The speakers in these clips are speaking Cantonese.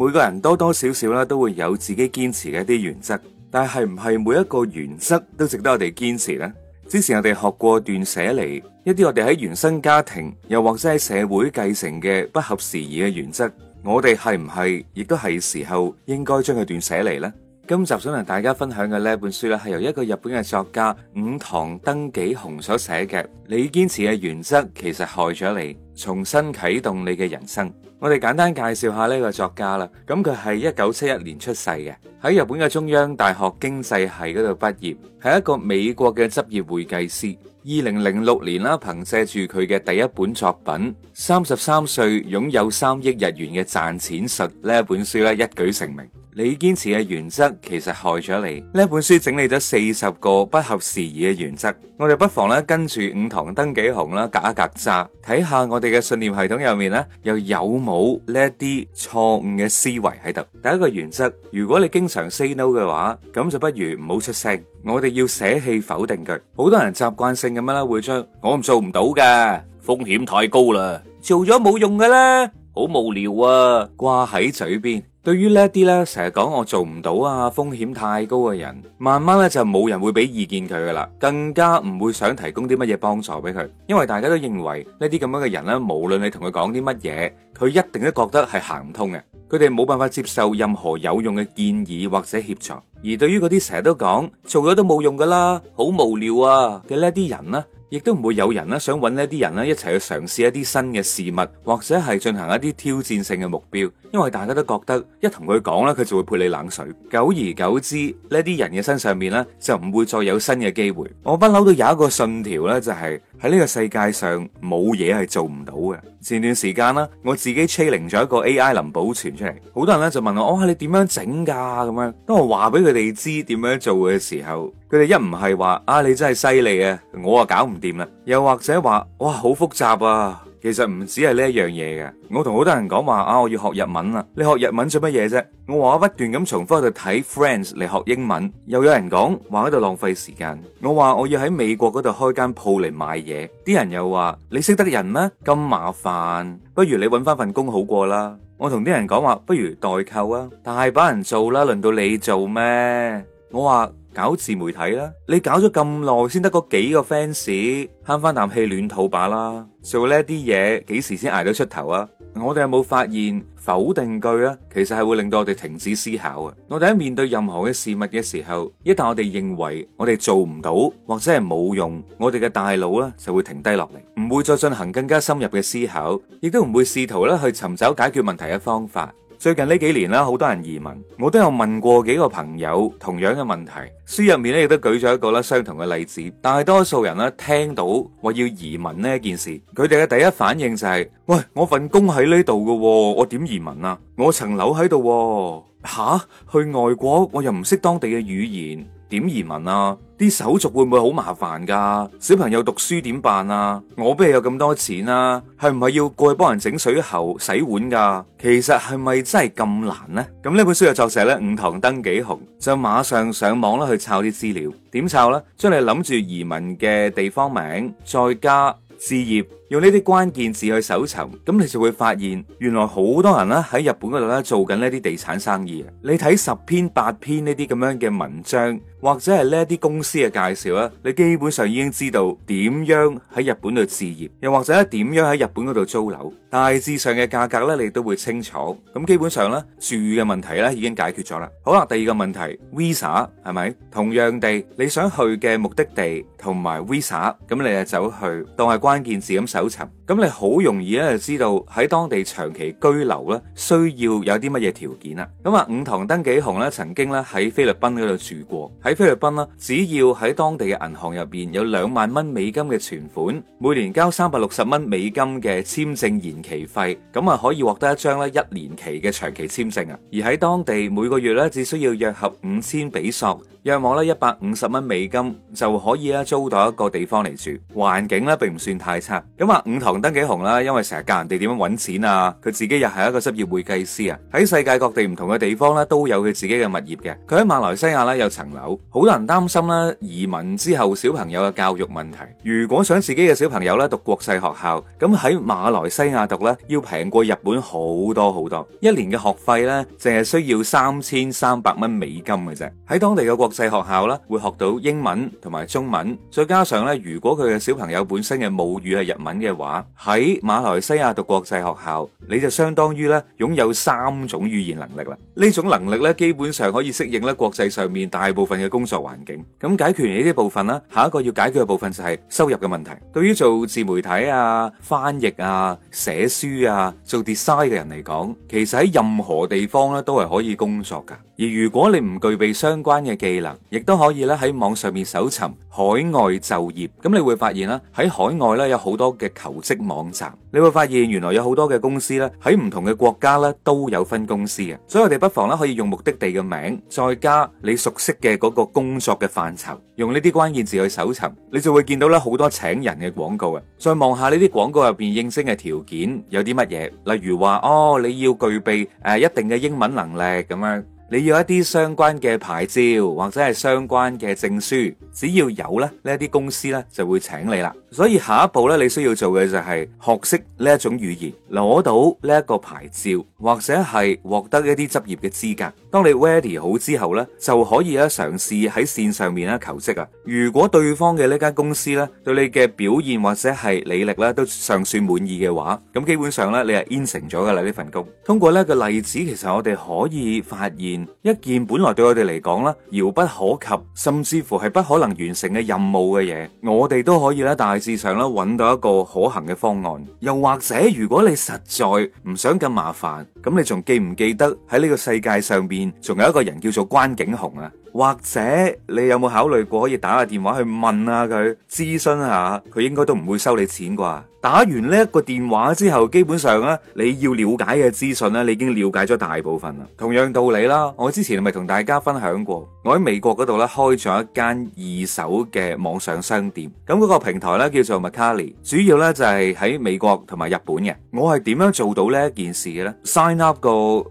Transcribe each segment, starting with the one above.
每個人多多少少啦都會有自己堅持嘅一啲原則，但係唔係每一個原則都值得我哋堅持呢？之前我哋學過斷捨離，一啲我哋喺原生家庭又或者係社會繼承嘅不合時宜嘅原則，我哋係唔係亦都係時候應該將佢斷捨離呢？今集想同大家分享嘅呢一本書咧，係由一個日本嘅作家五堂登紀雄所寫嘅《你堅持嘅原則其實害咗你》，重新啟動你嘅人生。我哋簡單介紹下呢個作家啦，咁佢係一九七一年出世嘅，喺日本嘅中央大學經濟系嗰度畢業，係一個美國嘅執業會計師。二零零六年啦，憑借住佢嘅第一本作品《三十三歲擁有三億日元嘅賺錢術》呢一本書咧一舉成名。你堅持嘅原則其實害咗你。呢一本書整理咗四十個不合時宜嘅原則，我哋不妨咧跟住午堂登紀雄啦，隔一隔扎睇下我哋嘅信念系統入面咧又有冇呢一啲錯誤嘅思維喺度。第一個原則，如果你經常 say no 嘅話，咁就不如唔好出聲。我哋要捨棄否定句，好多人習慣性。咁樣啦，會將我唔做、唔到嘅風險太高啦，做咗冇用噶啦，好無聊啊，掛喺嘴邊。對於呢一啲咧，成日講我做唔到啊，風險太高嘅人，慢慢咧就冇人會俾意見佢噶啦，更加唔會想提供啲乜嘢幫助俾佢，因為大家都認為呢啲咁樣嘅人咧，無論你同佢講啲乜嘢，佢一定都覺得係行唔通嘅。佢哋冇辦法接受任何有用嘅建議或者協助，而對於嗰啲成日都講做咗都冇用㗎啦，好無聊啊嘅呢啲人呢，亦都唔會有人咧想揾呢啲人咧一齊去嘗試一啲新嘅事物，或者係進行一啲挑戰性嘅目標。因為大家都覺得一同佢講呢佢就會潑你冷水。久而久之，呢啲人嘅身上面呢，就唔會再有新嘅機會。我不嬲都有一個信條呢就係喺呢個世界上冇嘢係做唔到嘅。前段時間啦，我自己 training 咗一個 AI 能保存出嚟，好多人呢，就問我：哇、啊，你點樣整噶？咁樣當我話俾佢哋知點樣做嘅時候，佢哋一唔係話啊，你真係犀利啊，我啊搞唔掂啦。又或者話哇，好複雜啊。其實唔止係呢一樣嘢嘅，我同好多人講話啊，我要學日文啦。你學日文做乜嘢啫？我話我不斷咁重複喺度睇 Friends 嚟學英文。又有人講話喺度浪費時間。我話我要喺美國嗰度開間鋪嚟賣嘢。啲人又話你識得人咩？咁麻煩，不如你揾翻份工好過啦。我同啲人講話不如代購啊，大把人做啦，輪到你做咩？我話。搞自媒體啦，你搞咗咁耐，先得嗰幾個 fans，慳翻啖氣暖肚把啦，做呢啲嘢幾時先捱得出頭啊？我哋有冇發現否定句啊？其實係會令到我哋停止思考啊！我哋喺面對任何嘅事物嘅時候，一旦我哋認為我哋做唔到或者係冇用，我哋嘅大腦咧就會停低落嚟，唔會再進行更加深入嘅思考，亦都唔會試圖咧去尋找解決問題嘅方法。最近呢幾年啦，好多人移民，我都有問過幾個朋友同樣嘅問題。書入面咧亦都舉咗一個咧相同嘅例子，大多數人咧聽到話要移民呢一件事，佢哋嘅第一反應就係、是：喂，我份工喺呢度嘅，我點移民啊？我層樓喺度，吓、啊、去外國我又唔識當地嘅語言。點移民啊？啲手續會唔會好麻煩噶？小朋友讀書點辦啊？我邊有咁多錢啦，啊，係唔係要過去幫人整水喉、洗碗噶？其實係咪真係咁難呢？咁呢本書嘅作者呢，五堂登幾雄，就馬上上網啦，去抄啲資料。點抄呢？將你諗住移民嘅地方名，再加置業。用呢啲關鍵字去搜尋，咁你就會發現原來好多人咧喺日本嗰度咧做緊呢一啲地產生意。你睇十篇八篇呢啲咁樣嘅文章，或者係呢一啲公司嘅介紹啦，你基本上已經知道點樣喺日本度置業，又或者點樣喺日本嗰度租樓。大致上嘅價格咧，你都會清楚。咁基本上咧住嘅問題咧已經解決咗啦。好啦，第二個問題，visa 係咪？同樣地，你想去嘅目的地同埋 visa，咁你就走去當係關鍵字咁搜。搜尋，咁你好容易咧就知道喺當地長期居留咧需要有啲乜嘢條件啊？咁、嗯、啊，五堂登記雄咧曾經咧喺菲律賓嗰度住過，喺菲律賓啦，只要喺當地嘅銀行入邊有兩萬蚊美金嘅存款，每年交三百六十蚊美金嘅簽證延期費，咁啊可以獲得一張咧一年期嘅長期簽證啊。而喺當地每個月咧只需要約合五千比索，約我咧一百五十蚊美金就可以啊租到一個地方嚟住，環境咧並唔算太差。咁話五堂登幾紅啦，因為成日教人哋點樣揾錢啊，佢自己又係一個執業會計師啊，喺世界各地唔同嘅地方咧都有佢自己嘅物業嘅。佢喺馬來西亞咧有層樓，好多人擔心啦，移民之後小朋友嘅教育問題。如果想自己嘅小朋友咧讀國際學校，咁喺馬來西亞讀呢，要平過日本好多好多，一年嘅學費呢，淨係需要三千三百蚊美金嘅啫。喺當地嘅國國際學校啦，會學到英文同埋中文，再加上咧，如果佢嘅小朋友本身嘅母語係日文嘅話，喺馬來西亞讀國際學校，你就相當於咧擁有三種語言能力啦。呢種能力咧，基本上可以適應咧國際上面大部分嘅工作環境。咁解決完呢啲部分啦，下一個要解決嘅部分就係收入嘅問題。對於做自媒體啊、翻譯啊、寫書啊、做 design 嘅人嚟講，其實喺任何地方咧都係可以工作噶。而如果你唔具備相關嘅技能，亦都可以咧喺網上面搜尋海外就業。咁你會發現啦，喺海外咧有好多嘅求職網站。你會發現原來有好多嘅公司咧喺唔同嘅國家咧都有分公司嘅，所以我哋不妨咧可以用目的地嘅名，再加你熟悉嘅嗰個工作嘅範疇，用呢啲關鍵字去搜尋，你就會見到咧好多請人嘅廣告啊。再望下呢啲廣告入邊應徵嘅條件有啲乜嘢？例如話哦，你要具備誒一定嘅英文能力咁樣。你要一啲相關嘅牌照或者係相關嘅證書，只要有咧，呢一啲公司咧就會請你啦。所以下一步咧，你需要做嘅就係學識呢一種語言，攞到呢一個牌照，或者係獲得一啲執業嘅資格。當你 ready 好之後咧，就可以咧嘗試喺綫上面咧求職啊。如果對方嘅呢間公司咧對你嘅表現或者係履歷咧都尚算滿意嘅話，咁基本上咧你係 in 成咗㗎啦呢份工。通過呢個例子，其實我哋可以發現一件本來對我哋嚟講咧遙不可及，甚至乎係不可能完成嘅任務嘅嘢，我哋都可以咧，但事上啦，揾到一個可行嘅方案，又或者如果你實在唔想咁麻煩，咁你仲記唔記得喺呢個世界上邊仲有一個人叫做關景雄啊？或者你有冇考慮過可以打下電話去問下佢諮詢下，佢應該都唔會收你錢啩？打完呢一個電話之後，基本上咧你要了解嘅資訊咧，你已經了解咗大部分啦。同樣道理啦，我之前咪同大家分享過，我喺美國嗰度咧開咗一間二手嘅網上商店，咁嗰個平台咧叫做 Mercari，主要咧就係喺美國同埋日本嘅。我係點樣做到呢一件事嘅咧？Sign up 個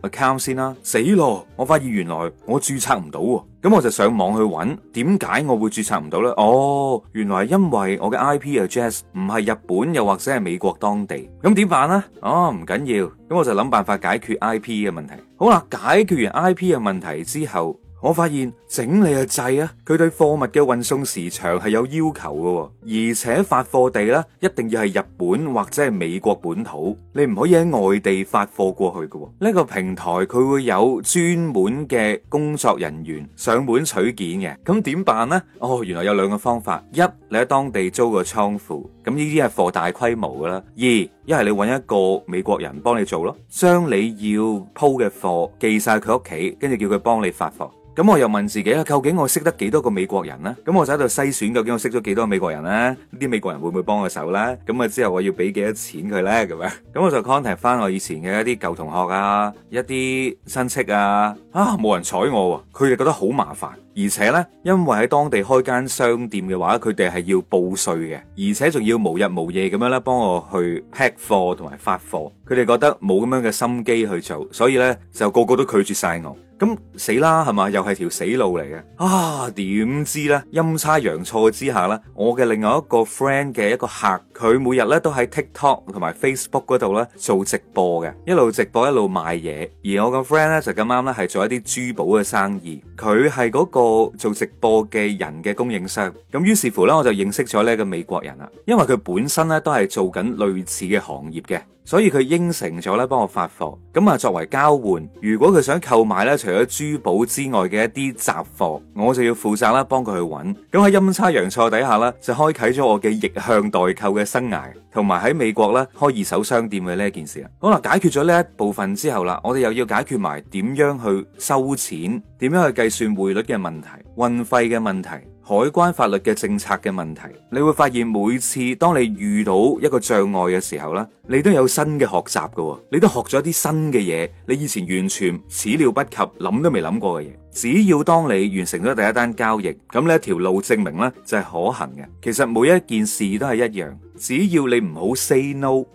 account 先啦，死咯！我發現原來我註冊唔到。咁我就上網去揾點解我會註冊唔到呢？哦，原來係因為我嘅 IP address 唔係日本，又或者係美國當地。咁點辦啊？哦，唔緊要。咁我就諗辦法解決 IP 嘅問題。好啦，解決完 IP 嘅問題之後，我發現整理個掣，啊，佢對貨物嘅運送時長係有要求嘅。哦，而且發貨地咧一定要係日本或者係美國本土，你唔可以喺外地發貨過去嘅。哦，呢個平台佢會有專門嘅工作人員上門取件嘅，咁點辦呢？哦，原來有兩個方法，一你喺當地租個倉庫。咁呢啲係貨大規模㗎啦，二一係你揾一個美國人幫你做咯，將你要鋪嘅貨寄晒佢屋企，跟住叫佢幫你發貨。咁我又問自己啊，究竟我識得幾多個美國人咧？咁我就喺度篩選，究竟我識咗幾多個美國人咧？呢啲美國人會唔會幫我手呢？咁啊之後我要俾幾多錢佢呢？咁樣，咁我就 contact 翻我以前嘅一啲舊同學啊，一啲親戚啊，啊冇人睬我喎，啊，佢哋覺得好麻煩。而且呢，因為喺當地開間商店嘅話，佢哋係要報稅嘅，而且仲要無日無夜咁樣咧幫我去 pack 貨同埋發貨。佢哋覺得冇咁樣嘅心機去做，所以呢，就個個都拒絕晒我。咁死啦，係嘛？又係條死路嚟嘅。啊，點知呢？陰差陽錯之下呢，我嘅另外一個 friend 嘅一個客，佢每日呢都喺 TikTok 同埋 Facebook 嗰度呢做直播嘅，一路直播一路賣嘢。而我個 friend 呢，就咁啱呢係做一啲珠寶嘅生意，佢係嗰個做直播嘅人嘅供應商。咁於是乎呢，我就認識咗呢一個美國人啦，因為佢本身呢都係做緊類似嘅行業嘅。所以佢應承咗咧，幫我發貨咁啊。作為交換，如果佢想購買咧，除咗珠寶之外嘅一啲雜貨，我就要負責啦，幫佢去揾。咁喺陰差陽錯底下啦，就開啟咗我嘅逆向代購嘅生涯，同埋喺美國咧開二手商店嘅呢一件事啊。好啦，解決咗呢一部分之後啦，我哋又要解決埋點樣去收錢，點樣去計算匯率嘅問題、運費嘅問題。海關法律嘅政策嘅問題，你會發現每次當你遇到一個障礙嘅時候啦，你都有新嘅學習噶，你都學咗啲新嘅嘢，你以前完全始料不及，諗都未諗過嘅嘢。只要當你完成咗第一單交易，咁呢一條路證明呢就係可行嘅。其實每一件事都係一樣，只要你唔好 say no，唔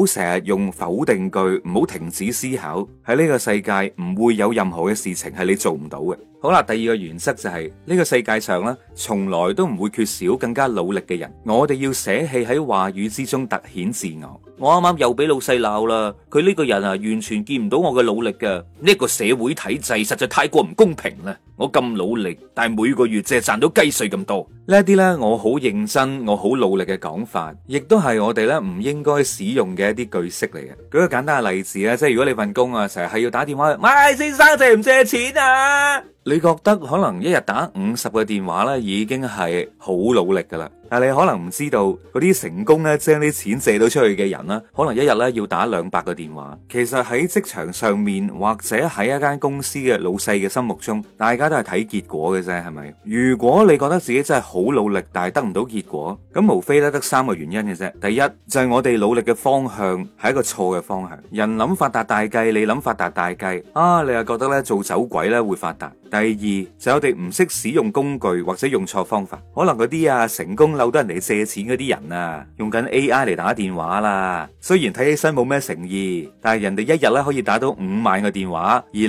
好成日用否定句，唔好停止思考，喺呢個世界唔會有任何嘅事情係你做唔到嘅。好啦，第二個原則就係呢個世界上呢，從來都唔會缺少更加努力嘅人。我哋要捨棄喺話語之中突顯自我。我啱啱又俾老細鬧啦，佢呢個人啊完全見唔到我嘅努力嘅，呢個社會體制實在太過唔公平啦。我咁努力，但係每個月只係賺到雞碎咁多，呢一啲咧我好認真，我好努力嘅講法，亦都係我哋咧唔應該使用嘅一啲句式嚟嘅。舉個簡單嘅例子啊，即係如果你份工啊，成日係要打電話，喂，先生借唔借錢啊？你覺得可能一日打五十個電話咧，已經係好努力噶啦，但係你可能唔知道嗰啲成功咧，將啲錢借到出去嘅人啦，可能一日咧要打兩百個電話。其實喺職場上面，或者喺一間公司嘅老細嘅心目中，大家都係睇結果嘅啫，係咪？如果你覺得自己真係好努力，但係得唔到結果，咁無非咧得三個原因嘅啫。第一就係我哋努力嘅方向係一個錯嘅方向。人諗發達大計，你諗發達大計，啊，你又覺得咧做走鬼咧會發達。第二就我哋唔識使用工具或者用錯方法，可能嗰啲啊成功嬲到人哋借錢嗰啲人啊，用緊 A I 嚟打電話啦。雖然睇起身冇咩誠意，但係人哋一日咧、啊、可以打到五萬個電話，而你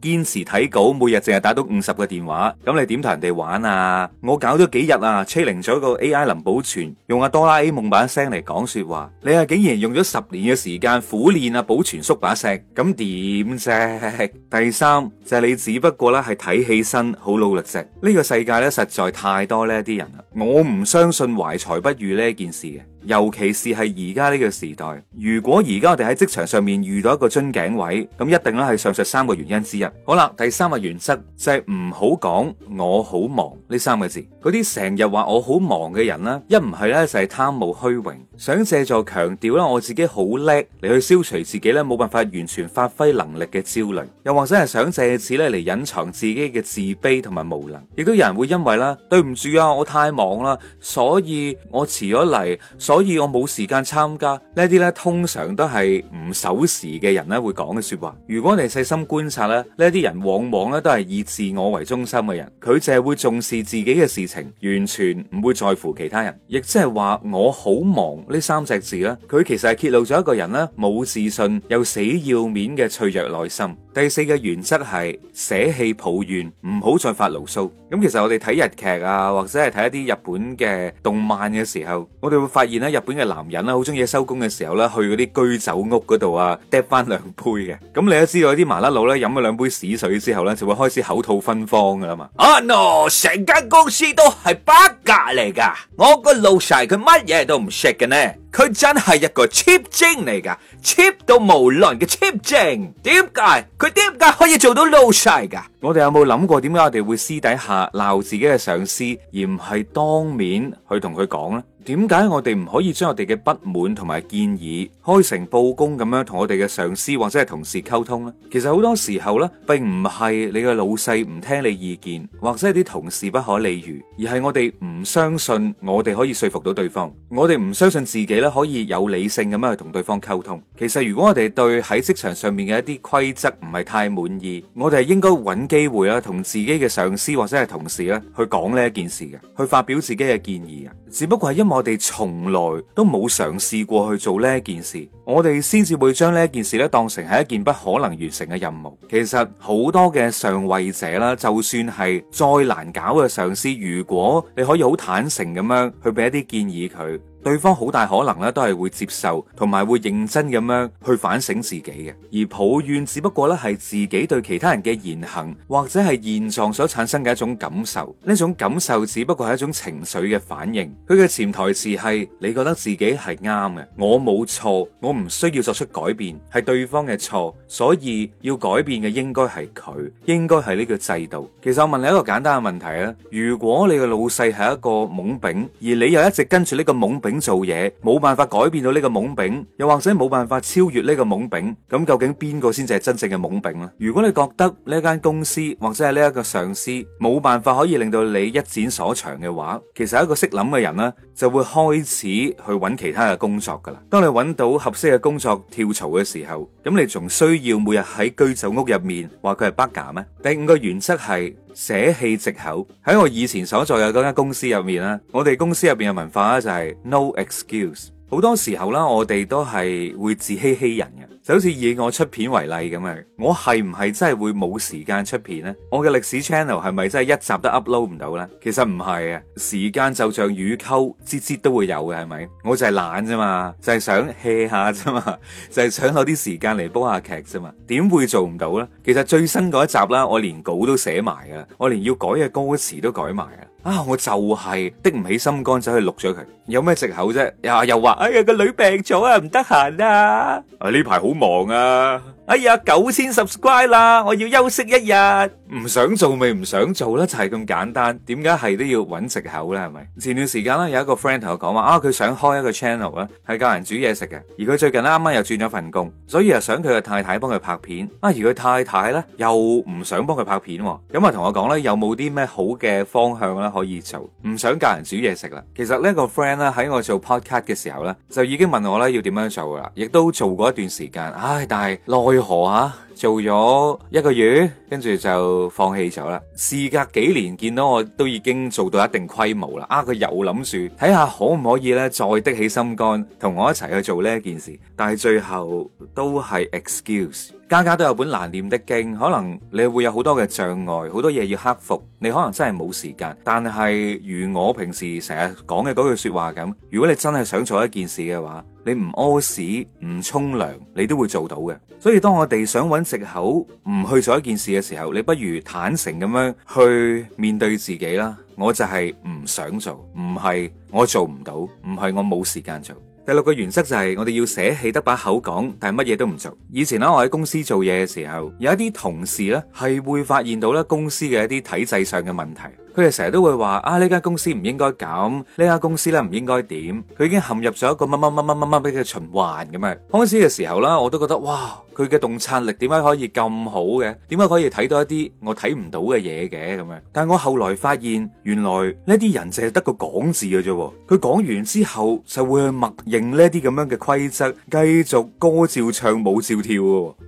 堅持睇稿，每日淨係打到五十個電話，咁你點同人哋玩啊？我搞咗幾日啊，training 咗個 A I 林保全，用阿哆啦 A 夢版聲嚟講說話。你啊竟然用咗十年嘅時間苦練啊保全叔把聲，咁點啫？第三就係、是、你只不過咧係。睇起身好努力啫，呢個世界咧實在太多呢啲人啦，我唔相信懷才不遇呢一件事嘅。尤其是係而家呢個時代，如果而家我哋喺職場上面遇到一個樽頸位，咁一定咧係上述三個原因之一。好啦，第三個原則就係唔好講我好忙呢三個字。嗰啲成日話我好忙嘅人啦，一唔係咧就係貪慕虛榮，想借助強調咧我自己好叻嚟去消除自己咧冇辦法完全發揮能力嘅焦慮，又或者係想藉此咧嚟隱藏自己嘅自卑同埋無能。亦都有人會因為啦，對唔住啊，我太忙啦，所以我遲咗嚟，所所以我冇時間參加呢啲呢，通常都係唔守時嘅人咧，會講嘅說話。如果你細心觀察咧，呢啲人往往咧都係以自我為中心嘅人，佢淨係會重視自己嘅事情，完全唔會在乎其他人。亦即係話，我好忙呢三隻字咧，佢其實係揭露咗一個人咧冇自信又死要面嘅脆弱內心。第四個原則係捨棄抱怨，唔好再發牢騷。咁其實我哋睇日劇啊，或者係睇一啲日本嘅動漫嘅時候，我哋會發現咧。日本嘅男人咧，好中意收工嘅時候咧，去嗰啲居酒屋嗰度啊，嗒翻兩杯嘅。咁你都知道，啲麻甩佬咧，飲咗兩杯屎水之後咧，就會開始口吐芬芳噶啦嘛。啊，oh no！成間公司都係八格嚟噶，我個老細佢乜嘢都唔識嘅呢。佢真係一個 cheap 精嚟噶，cheap 到無倫嘅 cheap 精。點解佢點解可以做到老細噶？我哋有冇諗過點解我哋會私底下鬧自己嘅上司，而唔係當面去同佢講咧？點解我哋唔可以將我哋嘅不滿同埋建議開成布公咁樣，同我哋嘅上司或者係同事溝通咧？其實好多時候咧，並唔係你嘅老細唔聽你意見，或者係啲同事不可理喻，而係我哋唔相信我哋可以說服到對方，我哋唔相信自己啦。可以有理性咁樣去同對方溝通。其實如果我哋對喺職場上面嘅一啲規則唔係太滿意，我哋應該揾機會啦，同自己嘅上司或者係同事咧去講呢一件事嘅，去發表自己嘅建議啊。只不過係因為我哋從來都冇嘗試過去做呢一件事，我哋先至會將呢一件事咧當成係一件不可能完成嘅任務。其實好多嘅上位者啦，就算係再難搞嘅上司，如果你可以好坦誠咁樣去俾一啲建議佢。對方好大可能咧，都係會接受，同埋會認真咁樣去反省自己嘅。而抱怨只不過咧係自己對其他人嘅言行或者係現狀所產生嘅一種感受。呢種感受只不過係一種情緒嘅反應。佢嘅潛台詞係你覺得自己係啱嘅，我冇錯，我唔需要作出改變，係對方嘅錯，所以要改變嘅應該係佢，應該係呢個制度。其實我問你一個簡單嘅問題啦，如果你嘅老細係一個懵丙，而你又一直跟住呢個懵丙。做嘢冇辦法改變到呢個懵丙，又或者冇辦法超越呢個懵丙。咁究竟邊個先至係真正嘅懵丙咧？如果你覺得呢一間公司或者係呢一個上司冇辦法可以令到你一展所長嘅話，其實一個識諗嘅人咧就會開始去揾其他嘅工作噶啦。當你揾到合適嘅工作跳槽嘅時候，咁你仲需要每日喺居酒屋入面話佢係 burger 咩？第五個原則係捨棄借口。喺我以前所在嘅嗰間公司入面咧，我哋公司入邊嘅文化咧就係 no。No excuse，好多時候啦，我哋都係會自欺欺人嘅。就好似以我出片為例咁啊，我係唔係真係會冇時間出片呢？我嘅歷史 channel 係咪真係一集都 upload 唔到呢？其實唔係啊，時間就像雨溝，節節都會有嘅，係咪？我就係懶啫嘛，就係、是、想歇下啫嘛，就係、是、想攞啲時間嚟煲下劇啫嘛，點會做唔到呢？其實最新嗰一集啦，我連稿都寫埋啊，我連要改嘅歌詞都改埋啊。啊！我就係的唔起心肝，走去錄咗佢。有咩借口啫？又又話哎呀個女病咗啊，唔得閒啊！呢排好忙啊！哎呀，九千 subscribe 啦，我要休息一日。唔想做咪唔想做呢，就係咁簡單。點解係都要揾藉口呢？係咪？前段時間呢，有一個 friend 同我講話啊，佢想開一個 channel 咧，係教人煮嘢食嘅。而佢最近啱啱又轉咗份工，所以啊想佢嘅太太幫佢拍片啊。而佢太太呢，又唔想幫佢拍片，咁啊同我講呢，有冇啲咩好嘅方向咧可以做？唔想教人煮嘢食啦。其實呢個 friend 咧喺我做 podcast 嘅時候呢，就已經問我呢，要點樣做啦，亦都做過一段時間。唉，但係奈何啊，做咗一個月，跟住就。放棄咗啦！事隔幾年，見到我都已經做到一定規模啦，啊，佢又諗住睇下可唔可以呢，再的起心肝，同我一齊去做呢件事，但係最後都係 excuse。家家都有本難唸的經，可能你會有好多嘅障礙，好多嘢要克服，你可能真係冇時間。但係如我平時成日講嘅嗰句說話咁，如果你真係想做一件事嘅話，你唔屙屎唔沖涼，你都會做到嘅。所以當我哋想揾藉口唔去做一件事嘅時候，你不如坦誠咁樣去面對自己啦。我就係唔想做，唔係我做唔到，唔係我冇時間做。第六個原則就係我哋要捨棄得把口講，但係乜嘢都唔做。以前咧，我喺公司做嘢嘅時候，有一啲同事咧，係會發現到咧，公司嘅一啲體制上嘅問題。佢哋成日都會話啊呢間公司唔應該咁，呢間公司咧唔應該點。佢已經陷入咗一個乜乜乜乜乜乜嘅循環咁樣。開始嘅時候啦，我都覺得哇，佢嘅洞察力點解可以咁好嘅？點解可以睇到一啲我睇唔到嘅嘢嘅咁樣？但係我後來發現，原來呢啲人淨係得個講字嘅啫。佢講完之後，就會默認呢啲咁樣嘅規則，繼續歌照唱、舞照跳。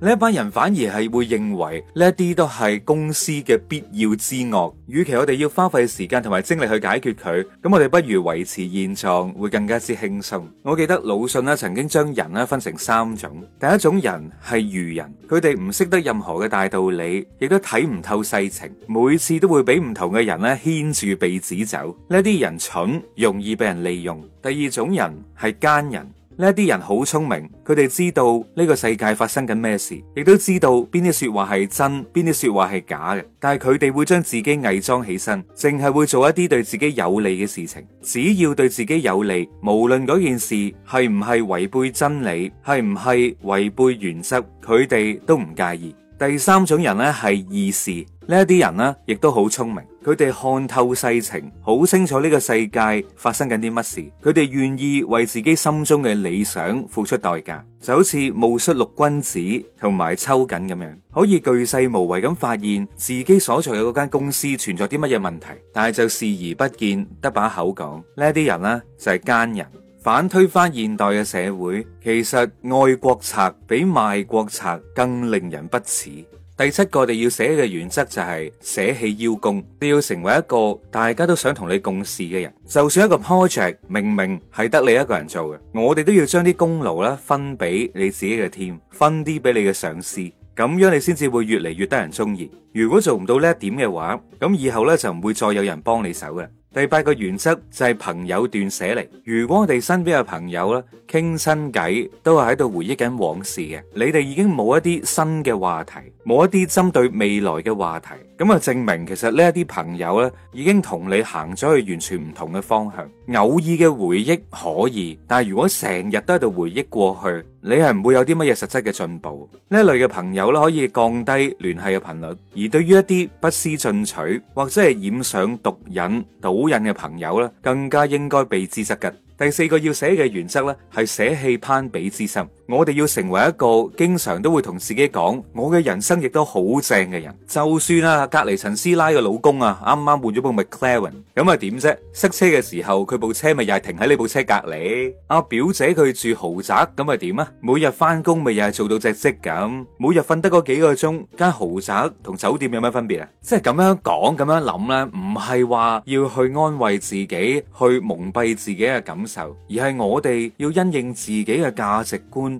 呢一班人反而係會認為呢一啲都係公司嘅必要之惡。與其我哋要。花費時間同埋精力去解決佢，咁我哋不如維持現狀會更加之輕鬆。我記得魯迅呢曾經將人呢分成三種，第一種人係愚人，佢哋唔識得任何嘅大道理，亦都睇唔透世情，每次都會俾唔同嘅人咧牽住鼻子走，呢啲人蠢，容易被人利用。第二種人係奸人。呢啲人好聰明，佢哋知道呢個世界發生緊咩事，亦都知道邊啲說話係真，邊啲說話係假嘅。但係佢哋會將自己偽裝起身，淨係會做一啲對自己有利嘅事情。只要對自己有利，無論嗰件事係唔係違背真理，係唔係違背原則，佢哋都唔介意。第三種人呢係二事。呢一啲人呢亦都好聰明，佢哋看透世情，好清楚呢個世界發生緊啲乜事，佢哋願意為自己心中嘅理想付出代價，就好似戊戌六君子同埋秋瑾咁樣，可以巨細無遺咁發現自己所在嘅嗰間公司存在啲乜嘢問題，但係就視而不見，得把口講。呢一啲人呢就係、是、奸人。反推翻現代嘅社會，其實愛國賊比賣國賊更令人不齒。第七個你要寫嘅原則就係捨棄邀功，你要成為一個大家都想同你共事嘅人。就算一個 project 明明係得你一個人做嘅，我哋都要將啲功勞咧分俾你自己嘅 team，分啲俾你嘅上司，咁樣你先至會越嚟越得人中意。如果做唔到呢一點嘅話，咁以後呢，就唔會再有人幫你手啦。第八個原則就係朋友斷捨離。如果我哋身邊嘅朋友咧傾親偈，都係喺度回憶緊往事嘅，你哋已經冇一啲新嘅話題，冇一啲針對未來嘅話題。咁啊，就證明其實呢一啲朋友呢已經同你行咗去完全唔同嘅方向。偶爾嘅回憶可以，但係如果成日都喺度回憶過去，你係唔會有啲乜嘢實質嘅進步。呢一類嘅朋友咧，可以降低聯繫嘅頻率。而對於一啲不思進取或者係染上毒癮、賭癮嘅朋友咧，更加應該避之則吉。第四個要捨嘅原則呢，係捨棄攀比之心。我哋要成為一個經常都會同自己講我嘅人生亦都好正嘅人，就算啊隔籬陳師奶嘅老公啊啱啱換咗部 McLaren，咁啊點啫？塞車嘅時候佢部車咪又係停喺你部車隔籬？阿表姐佢住豪宅，咁啊點啊？每日翻工，咪又係做到隻職咁，每日瞓得嗰幾個鐘，間豪宅同酒店有咩分別啊？即係咁樣講，咁樣諗咧，唔係話要去安慰自己，去蒙蔽自己嘅感受，而係我哋要因應自己嘅價值觀。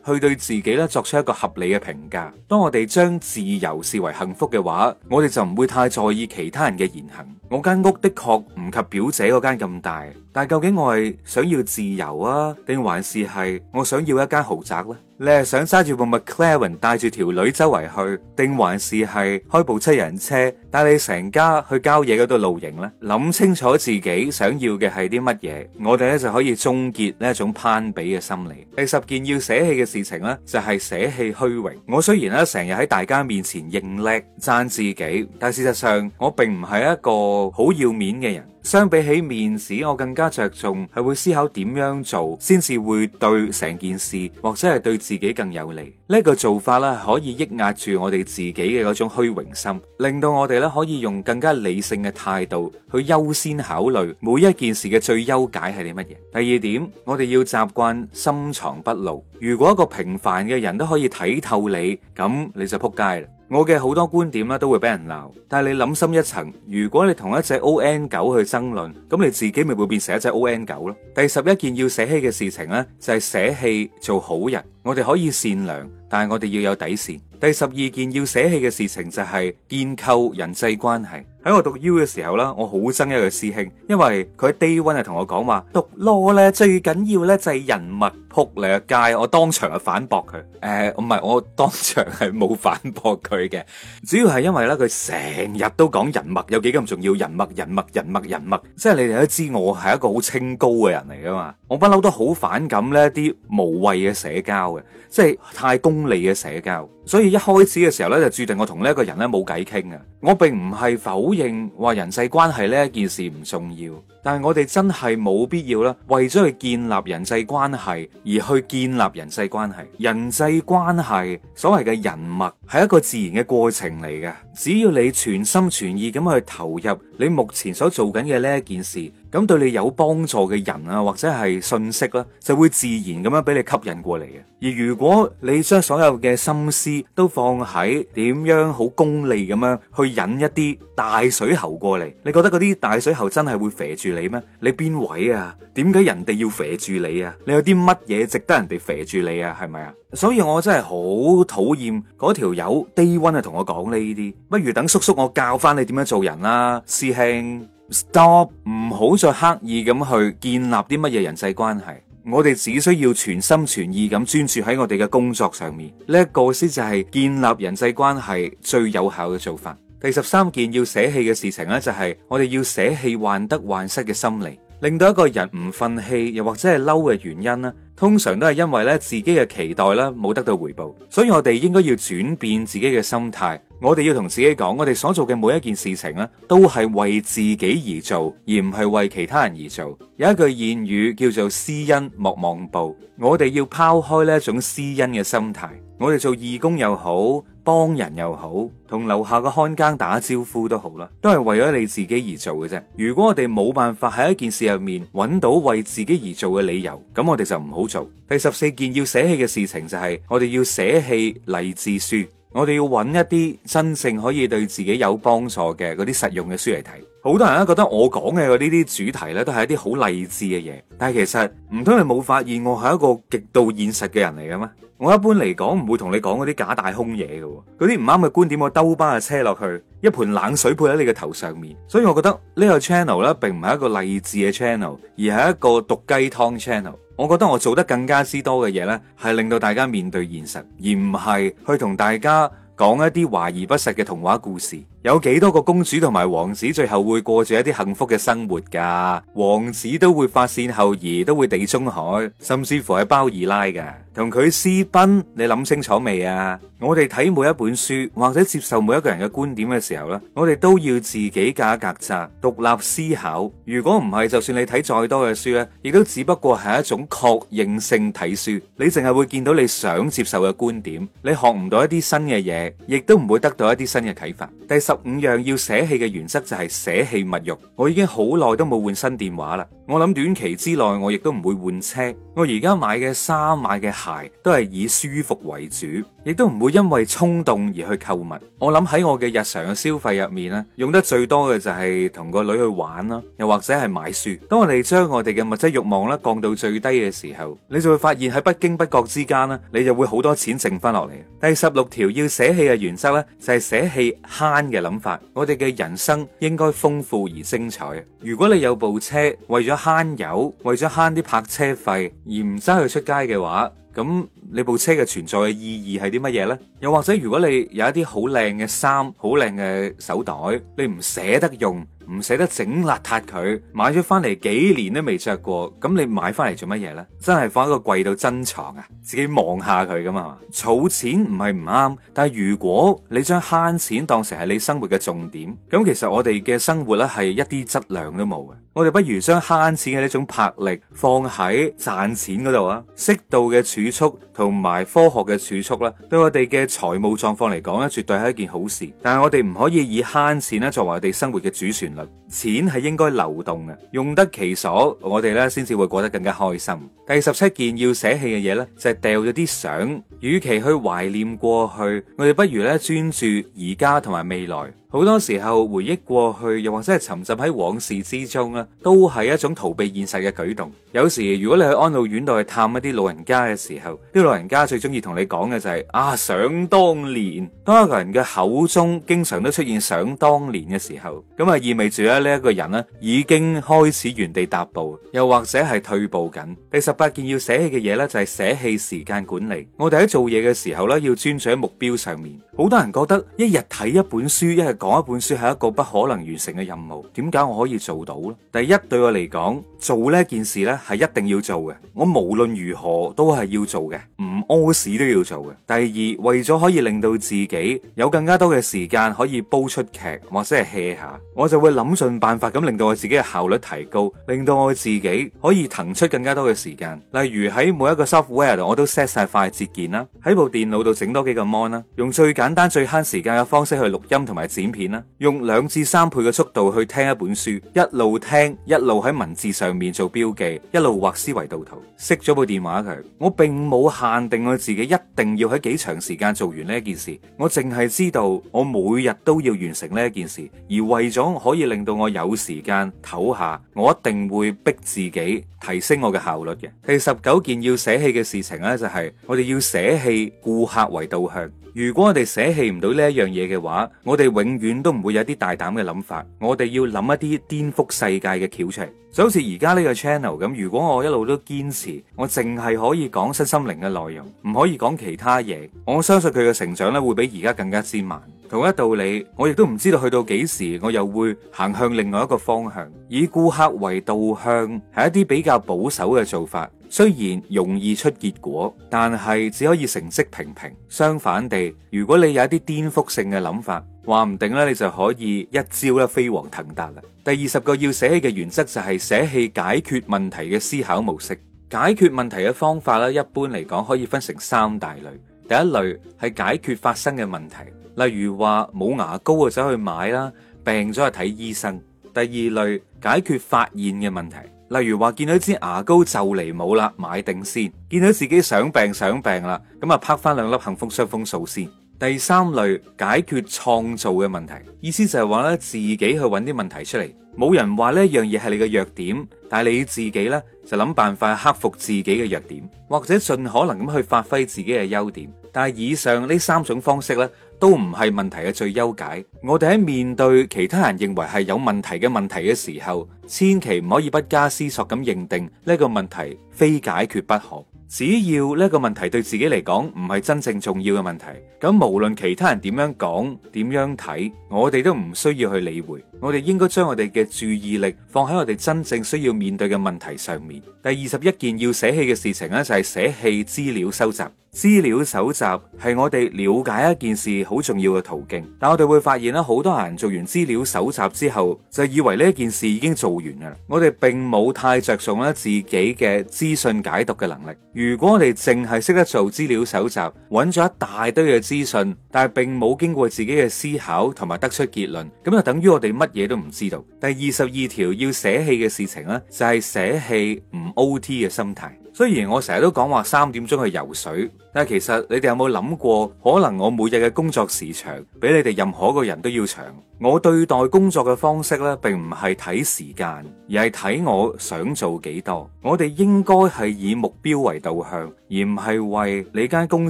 去對自己咧作出一個合理嘅評價。當我哋將自由視為幸福嘅話，我哋就唔會太在意其他人嘅言行。我間屋的確唔及表姐嗰間咁大，但究竟我係想要自由啊，定還是係我想要一間豪宅呢？你係想揸住部 McLaren 帶住條女周圍去，定還是係開部七人車帶你成家去郊野嗰度露營呢？諗清楚自己想要嘅係啲乜嘢，我哋咧就可以終結呢一種攀比嘅心理。第十件要捨棄嘅。事情咧就係捨棄虛榮。我雖然咧成日喺大家面前認叻，讚自己，但事實上我並唔係一個好要面嘅人。相比起面子，我更加着重係會思考點樣做，先至會對成件事或者係對自己更有利。呢個做法咧，可以抑壓住我哋自己嘅嗰種虛榮心，令到我哋咧可以用更加理性嘅態度去優先考慮每一件事嘅最優解係你乜嘢？第二點，我哋要習慣深藏不露。如果一個平凡嘅人都可以睇透你，咁你就撲街啦。我嘅好多觀點啦，都會俾人鬧。但係你諗深一層，如果你同一隻 O N 九去爭論，咁你自己咪會變成一隻 O N 九咯？第十一件要捨棄嘅事情咧，就係捨棄做好人。我哋可以善良，但係我哋要有底線。第十二件要捨棄嘅事情就係建構人際關係。喺我讀 U 嘅時候呢，我好憎一個師兄，因為佢 day one 係同我講，話讀 law 呢，最緊要呢就係人脈撲你個街，我當場係反駁佢。誒、呃，唔係，我當場係冇反駁佢嘅。主要係因為呢，佢成日都講人脈有幾咁重要，人脈人脈人脈人脈，即係你哋都知我係一個好清高嘅人嚟噶嘛。我不嬲都好反感呢啲無謂嘅社交嘅，即係太功利嘅社交，所以一開始嘅時候呢，就注定我同呢一個人咧冇偈傾啊！我並唔係否認話人際關係呢件事唔重要。但係我哋真係冇必要啦，為咗去建立人際關係而去建立人際關係。人際關係所謂嘅人脈係一個自然嘅過程嚟嘅。只要你全心全意咁去投入你目前所做緊嘅呢一件事，咁對你有幫助嘅人啊，或者係信息啦、啊，就會自然咁樣俾你吸引過嚟嘅。而如果你將所有嘅心思都放喺點樣好功利咁樣去引一啲大水喉過嚟，你覺得嗰啲大水喉真係會啡住？你咩？你邊位啊？點解人哋要 friend 住你啊？你有啲乜嘢值得人哋 friend 住你啊？係咪啊？所以我真係好討厭嗰條友低溫啊，同我講呢啲。不如等叔叔我教翻你點樣做人啦、啊，師兄。Stop，唔好再刻意咁去建立啲乜嘢人際關係。我哋只需要全心全意咁專注喺我哋嘅工作上面，呢、這、一個先就係建立人際關係最有效嘅做法。第十三件要捨棄嘅事情咧，就係我哋要捨棄患得患失嘅心理，令到一個人唔忿氣，又或者係嬲嘅原因咧。通常都係因為咧自己嘅期待啦，冇得到回報，所以我哋應該要轉變自己嘅心態。我哋要同自己講，我哋所做嘅每一件事情咧，都係為自己而做，而唔係為其他人而做。有一句諺語叫做施恩莫望報，我哋要拋開呢一種施恩嘅心態。我哋做義工又好，幫人又好，同樓下嘅看更打招呼都好啦，都係為咗你自己而做嘅啫。如果我哋冇辦法喺一件事入面揾到為自己而做嘅理由，咁我哋就唔好。好做。第十四件要捨棄嘅事情就係，我哋要捨棄勵志書，我哋要揾一啲真正可以對自己有幫助嘅嗰啲實用嘅書嚟睇。好多人咧覺得我講嘅呢啲主題咧都係一啲好勵志嘅嘢，但係其實唔通你冇發現我係一個極度現實嘅人嚟嘅咩？我一般嚟講唔會同你講嗰啲假大空嘢嘅，嗰啲唔啱嘅觀點我兜巴嘅車落去一盆冷水潑喺你嘅頭上面，所以我覺得呢個 channel 咧並唔係一個勵志嘅 channel，而係一個毒雞湯 channel。我覺得我做得更加之多嘅嘢呢，係令到大家面對現實，而唔係去同大家講一啲華而不實嘅童話故事。有幾多個公主同埋王子最後會過住一啲幸福嘅生活噶？王子都會髮線後移，都會地中海，甚至乎係包二奶嘅，同佢私奔，你諗清楚未啊？我哋睇每一本書或者接受每一個人嘅觀點嘅時候咧，我哋都要自己加一格閘，獨立思考。如果唔係，就算你睇再多嘅書咧，亦都只不過係一種確認性睇書。你淨係會見到你想接受嘅觀點，你學唔到一啲新嘅嘢，亦都唔會得到一啲新嘅啟發。第十五樣要捨棄嘅原則就係捨棄物欲。我已經好耐都冇換新電話啦。我諗短期之內我亦都唔會換車，我而家買嘅衫買嘅鞋都係以舒服為主，亦都唔會因為衝動而去購物。我諗喺我嘅日常嘅消費入面咧，用得最多嘅就係同個女去玩啦，又或者係買書。當我哋將我哋嘅物質欲望咧降到最低嘅時候，你就會發現喺不經不覺之間啦，你就會好多錢剩翻落嚟。第十六條要捨棄嘅原則咧，就係捨棄慳嘅諗法。我哋嘅人生應該豐富而精彩。如果你有部車，為咗慳油，為咗慳啲泊車費而唔揸佢出街嘅話，咁你部車嘅存在嘅意義係啲乜嘢呢？又或者如果你有一啲好靚嘅衫、好靚嘅手袋，你唔捨得用，唔捨得整邋遢佢，買咗翻嚟幾年都未着過，咁你買翻嚟做乜嘢呢？真係放喺個櫃度珍藏啊！自己望下佢㗎嘛。儲錢唔係唔啱，但係如果你將慳錢當成係你生活嘅重點，咁其實我哋嘅生活咧係一啲質量都冇嘅。我哋不如將慳錢嘅呢種魄力放喺賺錢嗰度啊！適度嘅儲蓄同埋科學嘅儲蓄咧，對我哋嘅財務狀況嚟講咧，絕對係一件好事。但係我哋唔可以以慳錢咧作為我哋生活嘅主旋律。錢係應該流動嘅，用得其所，我哋咧先至會過得更加開心。第十七件要捨棄嘅嘢咧，就係掉咗啲相。與其去懷念過去，我哋不如咧專注而家同埋未來。好多時候回憶過去，又或者係沉浸喺往事之中啦，都係一種逃避現實嘅舉動。有時如果你去安老院度去探一啲老人家嘅時候，啲老人家最中意同你講嘅就係、是、啊，想當年。當一個人嘅口中經常都出現想當年嘅時候，咁啊意味住咧呢一個人咧已經開始原地踏步，又或者係退步緊。第十八件要捨棄嘅嘢呢，就係捨棄時間管理。我哋喺做嘢嘅時候咧，要專注喺目標上面。好多人覺得一日睇一本書，一日講一本書係一個不可能完成嘅任務。點解我可以做到咧？第一，對我嚟講。做呢件事呢，係一定要做嘅。我無論如何都係要做嘅，唔屙屎都要做嘅。第二，為咗可以令到自己有更加多嘅時間可以煲出劇或者係 hea 下，我就會諗盡辦法咁令到我自己嘅效率提高，令到我自己可以騰出更加多嘅時間。例如喺每一個 software 度，我都 set 晒快捷鍵啦，喺部電腦度整多幾個 mon 啦，用最簡單最慳時間嘅方式去錄音同埋剪片啦，用兩至三倍嘅速度去聽一本書，一路聽一路喺文字上。上面做標記，一路畫思維導圖，熄咗部電話佢。我並冇限定我自己一定要喺幾長時間做完呢一件事，我淨係知道我每日都要完成呢一件事。而為咗可以令到我有時間唞下，我一定會逼自己提升我嘅效率嘅。第十九件要捨棄嘅事情咧、就是，就係我哋要捨棄顧客為導向。如果我哋捨棄唔到呢一樣嘢嘅話，我哋永遠都唔會有啲大膽嘅諗法。我哋要諗一啲顛覆世界嘅橋出嚟，就好似而。而家呢個 channel 咁，如果我一路都堅持，我淨係可以講身心靈嘅內容，唔可以講其他嘢，我相信佢嘅成長咧會比而家更加之慢。同一道理，我亦都唔知道去到幾時，我又會行向另外一個方向，以顧客為導向，係一啲比較保守嘅做法。雖然容易出結果，但係只可以成績平平。相反地，如果你有一啲顛覆性嘅諗法，話唔定咧，你就可以一朝咧飛黃騰達啦。第二十個要捨棄嘅原則就係捨棄解決問題嘅思考模式。解決問題嘅方法咧，一般嚟講可以分成三大類。第一類係解決發生嘅問題，例如話冇牙膏就走去買啦，病咗去睇醫生。第二類解決發現嘅問題。例如話見到支牙膏就嚟冇啦，買定先；見到自己想病想病啦，咁啊拍翻兩粒幸福傷風素先。第三類解決創造嘅問題，意思就係話咧，自己去揾啲問題出嚟。冇人話呢一樣嘢係你嘅弱點，但係你自己呢，就諗辦法克服自己嘅弱點，或者盡可能咁去發揮自己嘅優點。但係以上呢三種方式呢，都唔係問題嘅最優解。我哋喺面對其他人認為係有問題嘅問題嘅時候，千祈唔可以不加思索咁認定呢個問題非解決不可。只要呢個問題對自己嚟講唔係真正重要嘅問題，咁無論其他人點樣講、點樣睇，我哋都唔需要去理會。我哋應該將我哋嘅注意力放喺我哋真正需要面對嘅問題上面。第二十一件要捨棄嘅事情呢，就係捨棄資料收集。資料搜集係我哋了解一件事好重要嘅途徑，但我哋會發現咧，好多人做完資料搜集之後，就以為呢一件事已經做完噶啦。我哋並冇太着重咧自己嘅資訊解讀嘅能力。如果我哋淨係識得做資料搜集，揾咗一大堆嘅資訊，但係並冇經過自己嘅思考同埋得出結論，咁就等於我哋乜嘢都唔知道。第二十二條要捨棄嘅事情呢，就係捨棄唔 OT 嘅心態。雖然我成日都講話三點鐘去游水，但係其實你哋有冇諗過，可能我每日嘅工作時長比你哋任何一個人都要長。我對待工作嘅方式呢，並唔係睇時間，而係睇我想做幾多。我哋應該係以目標為導向，而唔係為你間公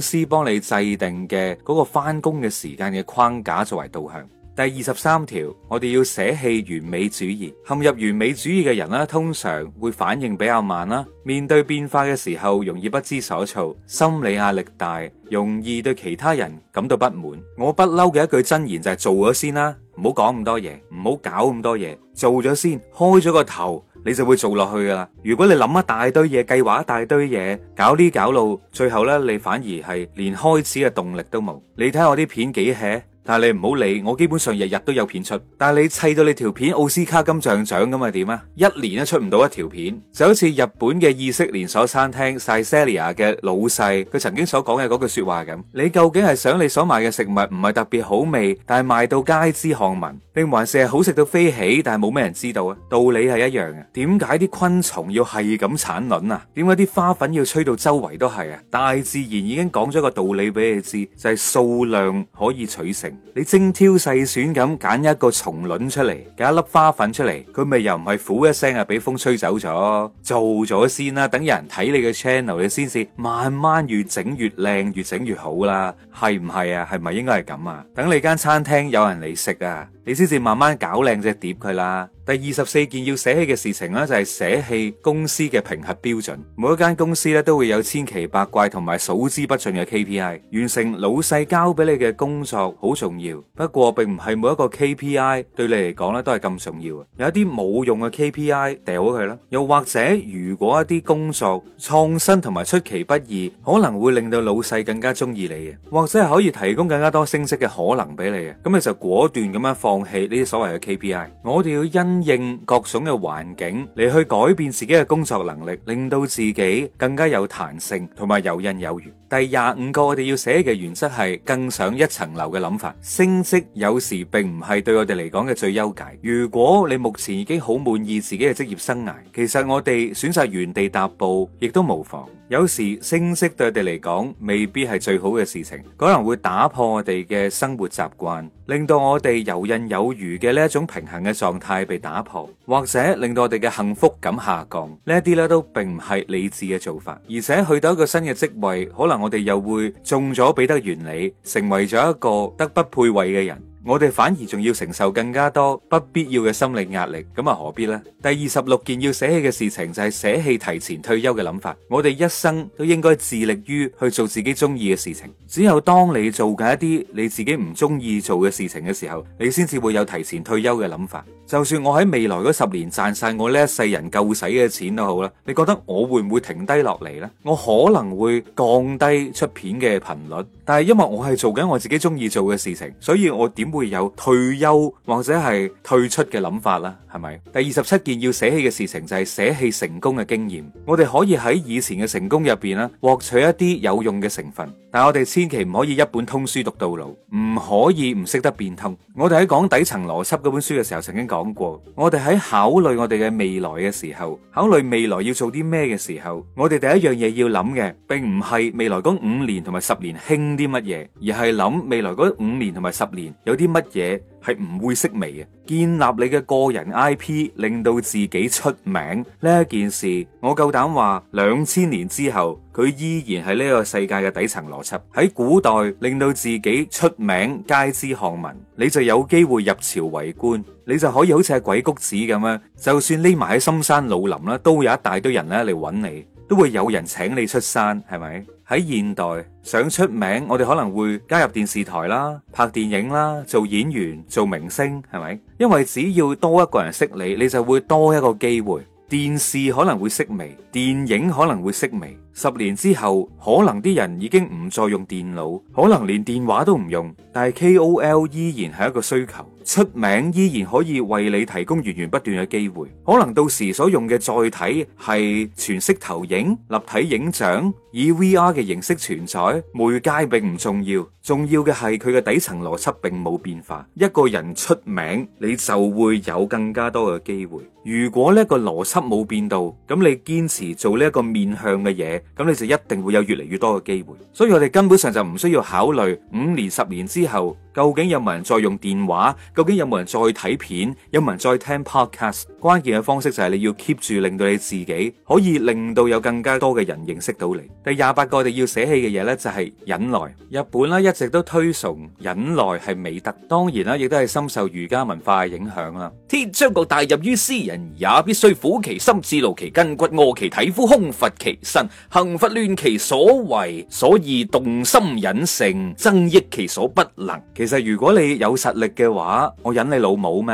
司幫你制定嘅嗰個翻工嘅時間嘅框架作為導向。第二十三條，我哋要捨棄完美主義。陷入完美主義嘅人啦，通常會反應比較慢啦，面對變化嘅時候容易不知所措，心理壓力大，容易對其他人感到不滿。我不嬲嘅一句真言就係做咗先啦，唔好講咁多嘢，唔好搞咁多嘢，做咗先，開咗個頭，你就會做落去噶啦。如果你諗一大堆嘢，計劃一大堆嘢，搞呢搞路，最後咧你反而係連開始嘅動力都冇。你睇我啲片幾 hea？但係你唔好理，我基本上日日都有片出。但係你砌到你條片奧斯卡金像獎咁啊，點啊？一年都出唔到一條片，就好似日本嘅意式連鎖餐廳細 Selia 嘅老細，佢曾經所講嘅嗰句説話咁。你究竟係想你所賣嘅食物唔係特別好味，但係賣到街知巷聞？令還是係好食到飛起，但係冇咩人知道啊！道理係一樣嘅，點解啲昆蟲要係咁產卵啊？點解啲花粉要吹到周圍都係啊？大自然已經講咗個道理俾你知，就係、是、數量可以取勝。你精挑細選咁揀一個蟲卵出嚟，揀一粒花粉出嚟，佢咪又唔係苦一聲啊？俾風吹走咗，做咗先啦、啊。等有人睇你嘅 channel，你先至慢慢越整越靚，越整越好啦。係唔係啊？係咪應該係咁啊？等你間餐廳有人嚟食啊！你先至慢慢搞靚隻碟佢啦。第二十四件要捨棄嘅事情咧，就係捨棄公司嘅評核標準。每一間公司咧都會有千奇百怪同埋數之不盡嘅 KPI。完成老細交俾你嘅工作好重要，不過並唔係每一個 KPI 對你嚟講咧都係咁重要。有一啲冇用嘅 KPI 掉咗佢啦。又或者如果一啲工作創新同埋出其不意，可能會令到老細更加中意你嘅，或者係可以提供更加多升職嘅可能俾你嘅，咁你就果斷咁樣放棄呢啲所謂嘅 KPI。我哋要因。適應各種嘅環境嚟去改變自己嘅工作能力，令到自己更加有彈性同埋游刃有餘。第廿五個我哋要寫嘅原則係更上一層樓嘅諗法。升職有時並唔係對我哋嚟講嘅最優解。如果你目前已經好滿意自己嘅職業生涯，其實我哋選擇原地踏步亦都無妨。有時升職對我哋嚟講未必係最好嘅事情，可能會打破我哋嘅生活習慣，令到我哋游刃有餘嘅呢一種平衡嘅狀態被打破，或者令到我哋嘅幸福感下降。呢一啲咧都並唔係理智嘅做法，而且去到一個新嘅職位，可能我哋又會中咗彼得原理，成為咗一個德不配位嘅人。我哋反而仲要承受更加多不必要嘅心理壓力，咁啊何必咧？第二十六件要捨棄嘅事情就係捨棄提前退休嘅諗法。我哋一生都應該致力於去做自己中意嘅事情。只有當你做緊一啲你自己唔中意做嘅事情嘅時候，你先至會有提前退休嘅諗法。就算我喺未來嗰十年賺晒我呢一世人夠使嘅錢都好啦，你覺得我會唔會停低落嚟咧？我可能會降低出片嘅頻率，但係因為我係做緊我自己中意做嘅事情，所以我點？會有退休或者係退出嘅諗法啦，係咪？第二十七件要捨棄嘅事情就係捨棄成功嘅經驗。我哋可以喺以前嘅成功入邊啦，獲取一啲有用嘅成分。但係我哋千祈唔可以一本通書讀到老，唔可以唔識得變通。我哋喺講底層邏輯嗰本書嘅時候，曾經講過，我哋喺考慮我哋嘅未來嘅時候，考慮未來要做啲咩嘅時候，我哋第一樣嘢要諗嘅，並唔係未來嗰五年同埋十年興啲乜嘢，而係諗未來嗰五年同埋十年有啲。啲乜嘢係唔會識微嘅？建立你嘅個人 IP，令到自己出名呢一件事，我夠膽話，兩千年之後佢依然係呢個世界嘅底層邏輯。喺古代，令到自己出名，皆知漢文，你就有機會入朝為官，你就可以好似係鬼谷子咁樣，就算匿埋喺深山老林啦，都有一大堆人咧嚟揾你。都會有人請你出山，係咪？喺現代想出名，我哋可能會加入電視台啦，拍電影啦，做演員，做明星，係咪？因為只要多一個人識你，你就會多一個機會。電視可能會式微，電影可能會式微。十年之後，可能啲人已經唔再用電腦，可能連電話都唔用，但係 KOL 依然係一個需求。出名依然可以為你提供源源不斷嘅機會，可能到時所用嘅載體係全息投影、立體影像，以 VR 嘅形式存在，媒介並唔重要，重要嘅係佢嘅底層邏輯並冇變化。一個人出名，你就會有更加多嘅機會。如果呢個邏輯冇變到，咁你堅持做呢一個面向嘅嘢，咁你就一定會有越嚟越多嘅機會。所以我哋根本上就唔需要考慮五年、十年之後究竟有冇人再用電話。究竟有冇人再睇片？有冇人再聽 podcast？關鍵嘅方式就係你要 keep 住，令到你自己可以令到有更加多嘅人認識到你。第廿八個我哋要捨棄嘅嘢咧，就係忍耐。日本咧一直都推崇忍耐係美德，當然啦，亦都係深受儒家文化影響啦。天將降大任於斯人，也必須苦其心志，勞其筋骨，餓其體膚，空乏其身，行拂亂其所為。所以動心忍性，增益其所不能。其實如果你有實力嘅話，我忍你老母咩？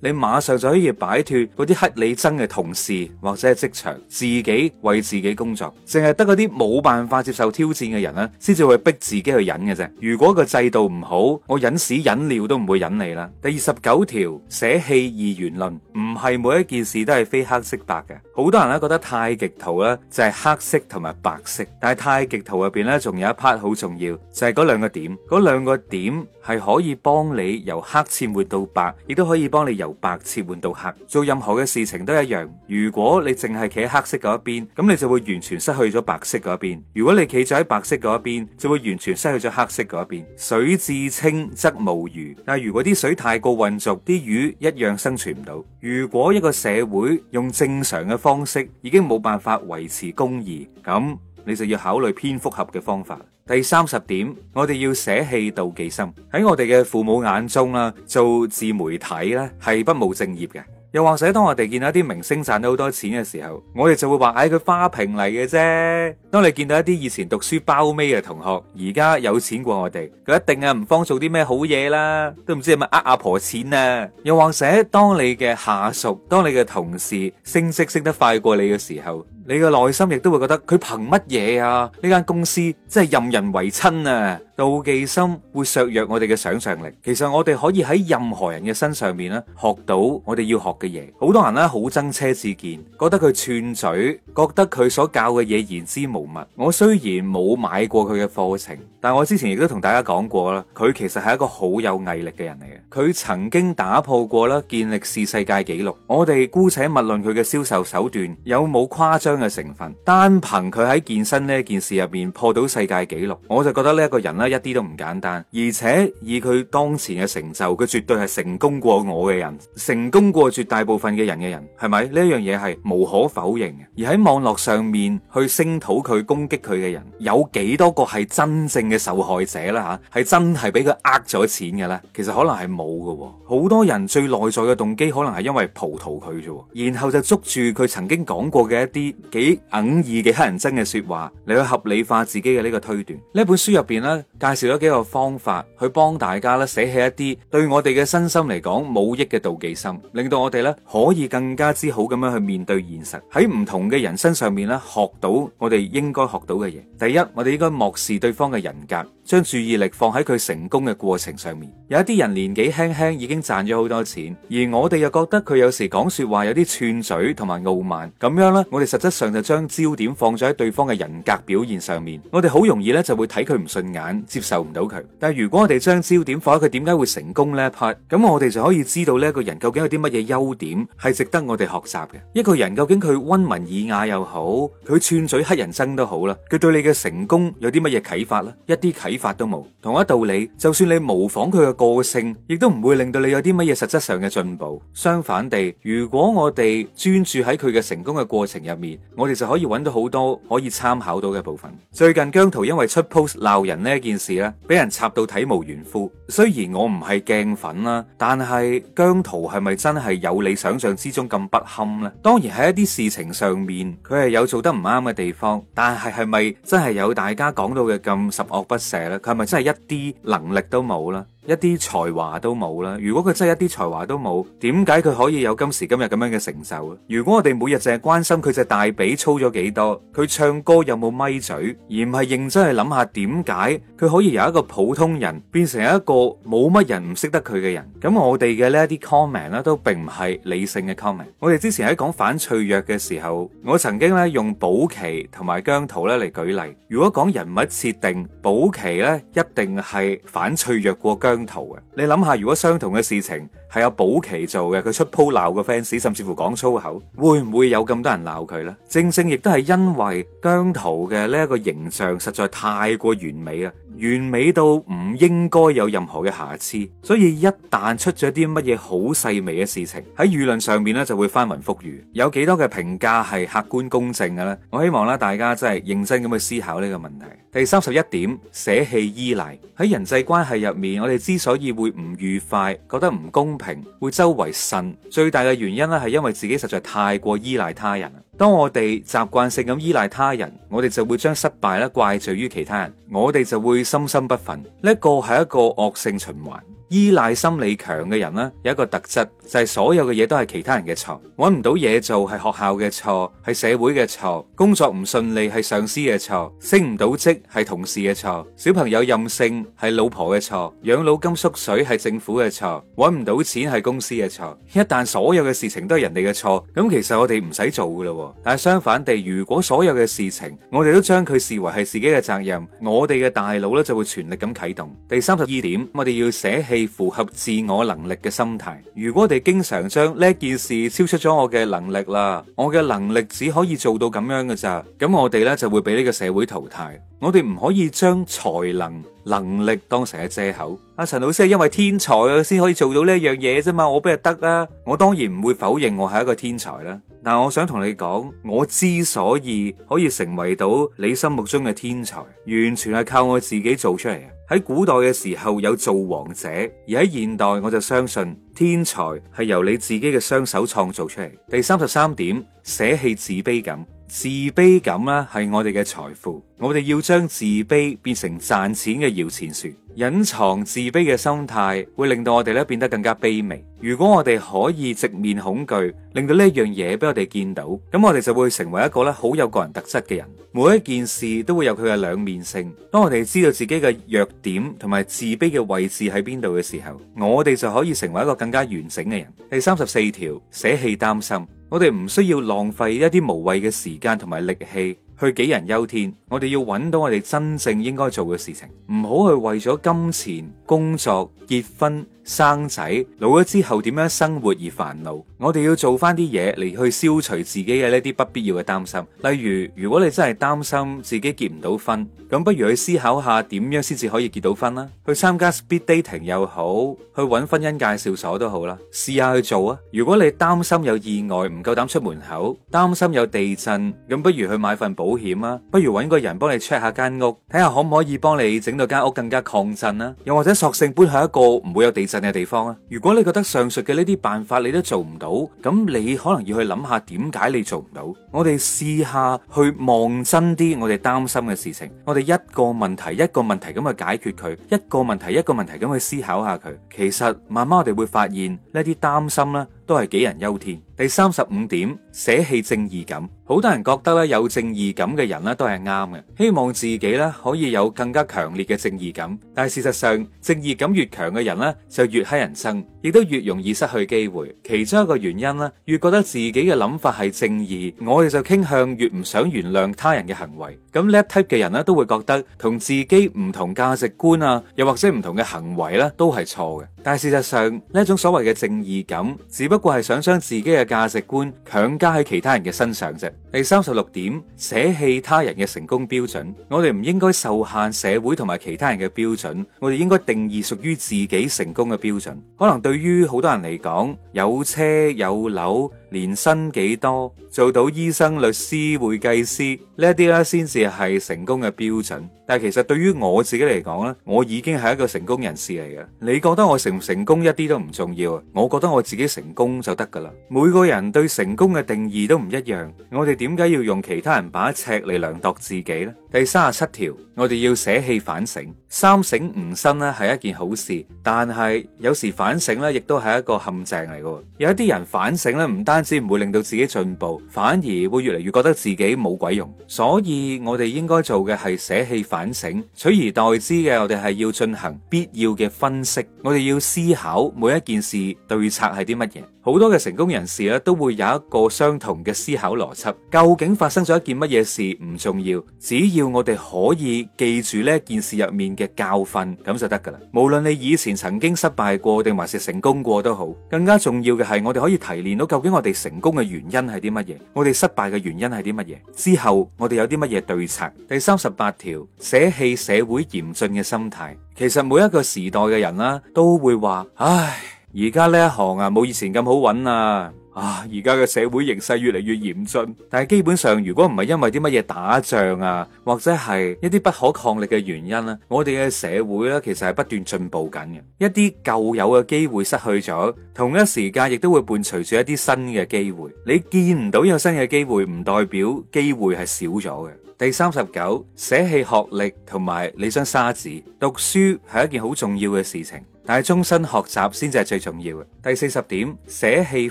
你馬上就可以擺脫嗰啲乞你憎嘅同事或者係職場，自己為自己工作，淨係得嗰啲冇辦法接受挑戰嘅人咧，先至會逼自己去忍嘅啫。如果個制度唔好，我忍屎忍尿都唔會忍你啦。第二十九條，捨棄二元論，唔係每一件事都係非黑即白嘅。好多人咧覺得太極圖咧就係黑色同埋白色，但係太極圖入邊咧仲有一 part 好重要，就係、是、嗰兩個點，嗰兩個點係可以幫你由黑切換到白，亦都可以幫你由白切換到黑。做任何嘅事情都一樣，如果你淨係企喺黑色嗰一邊，咁你就會完全失去咗白色嗰一邊；如果你企咗喺白色嗰一邊，就會完全失去咗黑色嗰一邊。水至清則無魚，但係如果啲水太過渾濁，啲魚一樣生存唔到。如果一個社會用正常嘅方，方式已經冇辦法維持公義，咁你就要考慮蝙蝠俠嘅方法。第三十點，我哋要捨棄妒忌心。喺我哋嘅父母眼中啦，做自媒體咧係不務正業嘅。又或者當我哋見到一啲明星賺到好多錢嘅時候，我哋就會話：唉、哎，佢花瓶嚟嘅啫。當你見到一啲以前讀書包尾嘅同學，而家有錢過我哋，佢一定啊唔方做啲咩好嘢啦，都唔知係咪呃阿婆錢啊。又或者當你嘅下屬，當你嘅同事升職升得快過你嘅時候，你嘅內心亦都會覺得佢憑乜嘢啊？呢間公司真係任人唯親啊！妒忌心會削弱我哋嘅想像力。其實我哋可以喺任何人嘅身上面咧，學到我哋要學嘅嘢。好多人咧，好憎車志健，覺得佢串嘴，覺得佢所教嘅嘢言之無物。我雖然冇買過佢嘅課程。但係我之前亦都同大家講過啦，佢其實係一個好有毅力嘅人嚟嘅。佢曾經打破過啦健力士世界紀錄。我哋姑且勿論佢嘅銷售手段有冇誇張嘅成分，單憑佢喺健身呢件事入面破到世界紀錄，我就覺得呢一個人呢一啲都唔簡單。而且以佢當前嘅成就，佢絕對係成功過我嘅人，成功過絕大部分嘅人嘅人，係咪？呢一樣嘢係無可否認嘅。而喺網絡上面去聲討佢、攻擊佢嘅人，有幾多個係真正？嘅受害者啦吓，係真係俾佢呃咗錢嘅咧？其實可能係冇嘅。好多人最內在嘅動機，可能係因為葡萄佢啫，然後就捉住佢曾經講過嘅一啲幾耿意嘅黑人憎嘅說話嚟，去合理化自己嘅呢個推斷。呢本書入邊咧，介紹咗幾個方法去幫大家咧，寫起一啲對我哋嘅身心嚟講冇益嘅妒忌心，令到我哋咧可以更加之好咁樣去面對現實。喺唔同嘅人身上面咧，學到我哋應該學到嘅嘢。第一，我哋應該漠視對方嘅人。將注意力放喺佢成功嘅過程上面，有一啲人年紀輕輕,輕已經賺咗好多錢，而我哋又覺得佢有時講說話有啲串嘴同埋傲慢，咁樣咧，我哋實質上就將焦點放咗喺對方嘅人格表現上面，我哋好容易咧就會睇佢唔順眼，接受唔到佢。但係如果我哋將焦點放喺佢點解會成功呢一 part，咁我哋就可以知道呢一個人究竟有啲乜嘢優點係值得我哋學習嘅。一個人究竟佢温文爾雅又好，佢串嘴乞人憎都好啦，佢對你嘅成功有啲乜嘢啟發呢？一啲啟發都冇，同一道理，就算你模仿佢嘅個性，亦都唔會令到你有啲乜嘢實質上嘅進步。相反地，如果我哋專注喺佢嘅成功嘅過程入面，我哋就可以揾到好多可以參考到嘅部分。最近姜濤因為出 post 鬧人呢件事咧，俾人插到體無完膚。雖然我唔係鏡粉啦，但係姜濤係咪真係有你想象之中咁不堪呢？當然喺一啲事情上面，佢係有做得唔啱嘅地方，但係係咪真係有大家講到嘅咁十樂不捨啦，佢係咪真係一啲能力都冇啦？一啲才華都冇啦。如果佢真係一啲才華都冇，點解佢可以有今時今日咁樣嘅成就咧？如果我哋每日淨係關心佢隻大髀粗咗幾多，佢唱歌有冇咪嘴，而唔係認真去諗下點解佢可以由一個普通人變成一個冇乜人唔識得佢嘅人？咁我哋嘅呢一啲 comment 咧，都並唔係理性嘅 comment。我哋之前喺講反脆弱嘅時候，我曾經咧用保錡同埋姜濤咧嚟舉例。如果講人物設定，保錡咧一定係反脆弱過姜途啊，你諗下，如果相同嘅事情。係有保期做嘅，佢出鋪鬧個 fans，甚至乎講粗口，會唔會有咁多人鬧佢咧？正正亦都係因為姜濤嘅呢一個形象，實在太過完美啊，完美到唔應該有任何嘅瑕疵，所以一旦出咗啲乜嘢好細微嘅事情，喺輿論上面咧就會翻雲覆雨。有幾多嘅評價係客觀公正嘅咧？我希望咧大家真係認真咁去思考呢個問題。第三十一點，捨棄依賴。喺人際關係入面，我哋之所以會唔愉快，覺得唔公。會周圍呻最大嘅原因咧，係因為自己實在太過依賴他人。當我哋習慣性咁依賴他人，我哋就會將失敗咧怪罪於其他人，我哋就會心生不忿。呢、這個係一個惡性循環。依賴心理強嘅人呢，有一個特質就係所有嘅嘢都係其他人嘅錯，搵唔到嘢做係學校嘅錯，係社會嘅錯，工作唔順利係上司嘅錯，升唔到職係同事嘅錯，小朋友任性係老婆嘅錯，養老金縮水係政府嘅錯，搵唔到錢係公司嘅錯。一旦所有嘅事情都係人哋嘅錯，咁其實我哋唔使做噶啦。但係相反地，如果所有嘅事情我哋都將佢視為係自己嘅責任，我哋嘅大腦呢就會全力咁啟動。第三十二點，我哋要捨棄。符合自我能力嘅心態。如果我哋經常將呢件事超出咗我嘅能力啦，我嘅能力只可以做到咁樣嘅咋，咁我哋咧就會俾呢個社會淘汰。我哋唔可以將才能、能力當成係借口。阿陳老師係因為天才啊先可以做到呢一樣嘢啫嘛，我不係得啦，我當然唔會否認我係一個天才啦。但我想同你講，我之所以可以成為到你心目中嘅天才，完全係靠我自己做出嚟嘅。喺古代嘅時候有做王者，而喺現代我就相信天才係由你自己嘅雙手創造出嚟。第三十三點，捨棄自卑感。自卑感啦，係我哋嘅財富，我哋要將自卑變成賺錢嘅搖錢樹。隱藏自卑嘅心態會令到我哋咧變得更加卑微。如果我哋可以直面恐懼，令到呢一樣嘢俾我哋見到，咁我哋就會成為一個咧好有個人特質嘅人。每一件事都會有佢嘅兩面性。當我哋知道自己嘅弱點同埋自卑嘅位置喺邊度嘅時候，我哋就可以成為一個更加完整嘅人。第三十四條，捨棄擔心。我哋唔需要浪費一啲無謂嘅時間同埋力氣，去杞人憂天，我哋要揾到我哋真正應該做嘅事情，唔好去為咗金錢、工作、結婚、生仔老咗之後點樣生活而煩惱，我哋要做翻啲嘢嚟去消除自己嘅呢啲不必要嘅擔心。例如，如果你真係擔心自己結唔到婚，咁不如去思考下點樣先至可以結到婚啦。去參加 speed dating 又好，去揾婚姻介紹所都好啦，試下去做啊。如果你擔心有意外唔夠膽出門口，擔心有地震，咁不如去買份保險啊。不如揾個人幫你 check 下間屋，睇下可唔可以幫你整到間屋更加抗震啊。又或者索性搬去一個唔會有地震嘅地方啊。如果你覺得上述嘅呢啲辦法你都做唔到，咁你可能要去諗下點解你做唔到。我哋試下去望真啲，我哋擔心嘅事情，我哋一個問題一個問題咁去解決佢，一個問題一個問題咁去思考下佢。其實慢慢我哋會發現呢啲擔心咧。都係杞人憂天。第三十五點，捨棄正義感。好多人覺得咧，有正義感嘅人咧都係啱嘅，希望自己咧可以有更加強烈嘅正義感。但係事實上，正義感越強嘅人咧就越乞人憎。亦都越容易失去機會，其中一個原因咧，越覺得自己嘅諗法係正義，我哋就傾向越唔想原諒他人嘅行為。咁呢一 type 嘅人咧，都會覺得同自己唔同價值觀啊，又或者唔同嘅行為咧，都係錯嘅。但係事實上，呢一種所謂嘅正義感，只不過係想將自己嘅價值觀強加喺其他人嘅身上啫。第三十六點，捨棄他人嘅成功標準，我哋唔應該受限社會同埋其他人嘅標準，我哋應該定義屬於自己成功嘅標準，可能對。對於好多人嚟講，有車有樓。年薪幾多，做到醫生、律師、會計師呢一啲咧，先至係成功嘅標準。但係其實對於我自己嚟講咧，我已經係一個成功人士嚟嘅。你覺得我成唔成功一啲都唔重要，我覺得我自己成功就得噶啦。每個人對成功嘅定義都唔一樣，我哋點解要用其他人把尺嚟量度自己呢？第三十七條，我哋要捨棄反省，三省吾身咧係一件好事，但係有時反省咧亦都係一個陷阱嚟㗎。有一啲人反省咧唔單。先唔會令到自己進步，反而會越嚟越覺得自己冇鬼用。所以我哋應該做嘅係捨棄反省，取而代之嘅我哋係要進行必要嘅分析。我哋要思考每一件事對策係啲乜嘢。好多嘅成功人士咧、啊，都會有一個相同嘅思考邏輯。究竟發生咗一件乜嘢事唔重要，只要我哋可以記住呢件事入面嘅教訓咁就得噶啦。無論你以前曾經失敗過定還是成功過都好，更加重要嘅係我哋可以提煉到究竟我哋成功嘅原因係啲乜嘢，我哋失敗嘅原因係啲乜嘢，之後我哋有啲乜嘢對策。第三十八條，捨棄社會嚴峻嘅心態。其實每一個時代嘅人啦、啊，都會話唉。而家呢一行啊，冇以前咁好揾啊！啊，而家嘅社會形勢越嚟越嚴峻，但係基本上如果唔係因為啲乜嘢打仗啊，或者係一啲不可抗力嘅原因咧、啊，我哋嘅社會呢、啊，其實係不斷進步緊嘅。一啲舊有嘅機會失去咗，同一時間亦都會伴隨住一啲新嘅機會。你見唔到有新嘅機會，唔代表機會係少咗嘅。第三十九，捨棄學歷同埋你想沙子，讀書係一件好重要嘅事情。但係終身學習先至係最重要嘅。第四十點，捨棄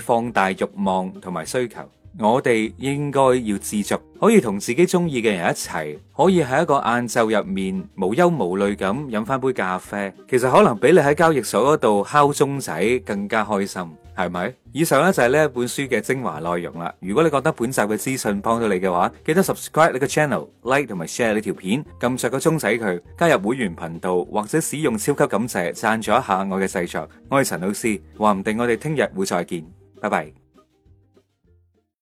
放大慾望同埋需求，我哋應該要自足。可以同自己中意嘅人一齊，可以喺一個晏晝入面無憂無慮咁飲翻杯咖啡。其實可能比你喺交易所嗰度敲鐘仔更加開心。係咪？以上咧就係呢一本書嘅精華內容啦。如果你覺得本集嘅資訊幫到你嘅話，記得 subscribe 你個 channel、like 同埋 share 呢條片，撳着個鐘仔佢，加入會員頻道或者使用超級感謝，贊助一下我嘅製作。我係陳老 C，話唔定我哋聽日會再見。拜拜。